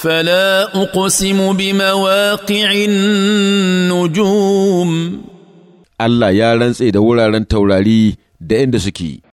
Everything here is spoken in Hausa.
فلا أقسم بمواقع النجوم الله يا رنس إذا ورا رن توراري da inda suke